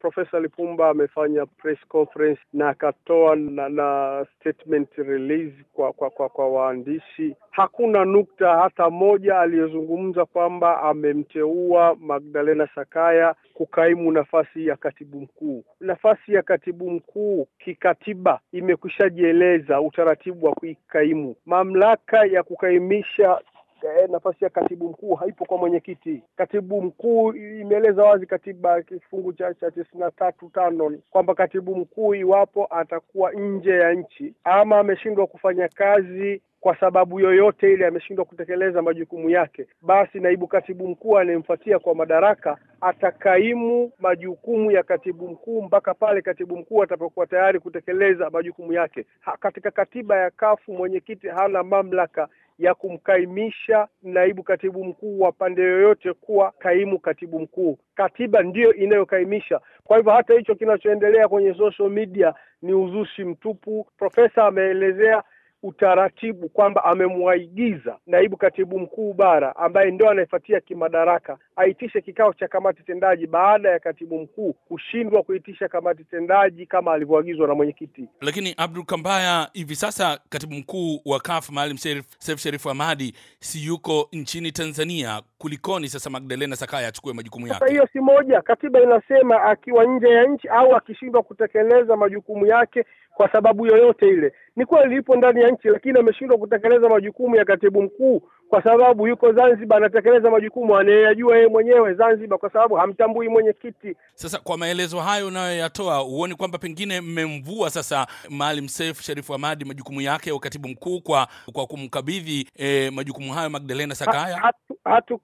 Profesa Lipumba amefanya press conference na akatoa na, na statement release kwa kwa kwa, kwa waandishi. Hakuna nukta hata moja aliyozungumza kwamba amemteua Magdalena Sakaya kukaimu nafasi ya katibu mkuu. Nafasi ya katibu mkuu kikatiba imekwishajieleza utaratibu wa kuikaimu. Mamlaka ya kukaimisha Eh, nafasi ya katibu mkuu haipo kwa mwenyekiti. Katibu mkuu imeeleza wazi katiba kifungu cha cha tisini na tatu tano kwamba katibu mkuu iwapo atakuwa nje ya nchi ama ameshindwa kufanya kazi kwa sababu yoyote ile ameshindwa kutekeleza majukumu yake, basi naibu katibu mkuu anayemfuatia kwa madaraka atakaimu majukumu ya katibu mkuu mpaka pale katibu mkuu atakapokuwa tayari kutekeleza majukumu yake. Ha, katika katiba ya kafu mwenyekiti hana mamlaka ya kumkaimisha naibu katibu mkuu wa pande yoyote kuwa kaimu katibu mkuu. Katiba ndiyo inayokaimisha. Kwa hivyo hata hicho kinachoendelea kwenye social media ni uzushi mtupu. Profesa ameelezea utaratibu kwamba amemwaigiza naibu katibu mkuu bara ambaye ndo anayefuatia kimadaraka aitishe kikao cha kamati tendaji baada ya katibu mkuu kushindwa kuitisha kamati tendaji kama alivyoagizwa na mwenyekiti. Lakini Abdul Kambaya, hivi sasa katibu mkuu wa kaf Maalim sef Sherif hamadi si yuko nchini Tanzania kulikoni sasa Magdalena Sakaya achukue majukumu yake? Sasa hiyo si moja, katiba inasema akiwa nje ya nchi au akishindwa kutekeleza majukumu yake kwa sababu yoyote ile. Ni kweli ipo ndani ya nchi, lakini ameshindwa kutekeleza majukumu ya katibu mkuu kwa sababu yuko Zanzibar, anatekeleza majukumu anayeyajua yeye mwenyewe Zanzibar, kwa sababu hamtambui mwenyekiti. Sasa kwa maelezo hayo unayoyatoa, huoni kwamba pengine mmemvua sasa Maalim Seif Sharif Hamad majukumu yake ya ukatibu mkuu kwa kwa kumkabidhi eh, majukumu hayo Magdalena Sakaya? Hatu,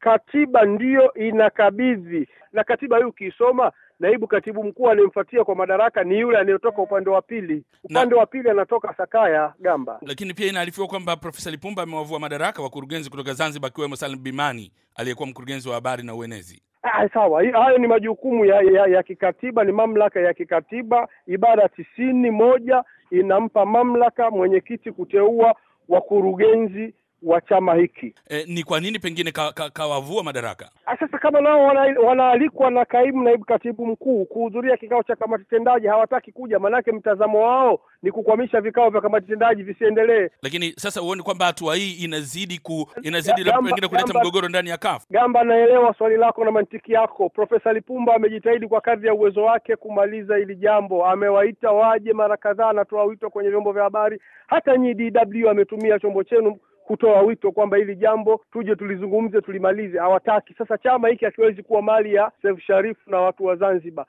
katiba ndiyo inakabidhi, na katiba hii ukiisoma naibu katibu mkuu anayemfuatia kwa madaraka ni yule anayetoka upande wa pili. Upande wa pili anatoka Sakaya Gamba. Lakini pia inaarifiwa kwamba Profesa Lipumba amewavua madaraka wakurugenzi kutoka Zanzibar, akiwemo Salim Bimani aliyekuwa mkurugenzi wa habari na uenezi. Ah, sawa, hayo ni majukumu ya, ya, ya kikatiba, ni mamlaka ya kikatiba. Ibara tisini moja inampa mamlaka mwenyekiti kuteua wakurugenzi wa chama hiki. E, ni kwa nini pengine kawavua ka, ka madaraka? Ah, sasa kama nao wanaalikwa na kaimu naibu katibu mkuu kuhudhuria kikao cha kamati tendaji, hawataki kuja, maanake mtazamo wao ni kukwamisha vikao vya kamati tendaji visiendelee. Lakini sasa huoni kwamba hatua hii inazidi ku, inazidi pengine kuleta mgogoro ndani ya kafu? Gamba, naelewa swali lako na mantiki yako. Profesa Lipumba amejitahidi kwa kadri ya uwezo wake kumaliza hili jambo, amewaita waje mara kadhaa, anatoa wito kwenye vyombo vya habari, hata nyi DW ametumia chombo chenu kutoa wito kwamba hili jambo tuje tulizungumze tulimalize. Hawataki. Sasa chama hiki hakiwezi kuwa mali ya Seif Sharif na watu wa Zanzibar.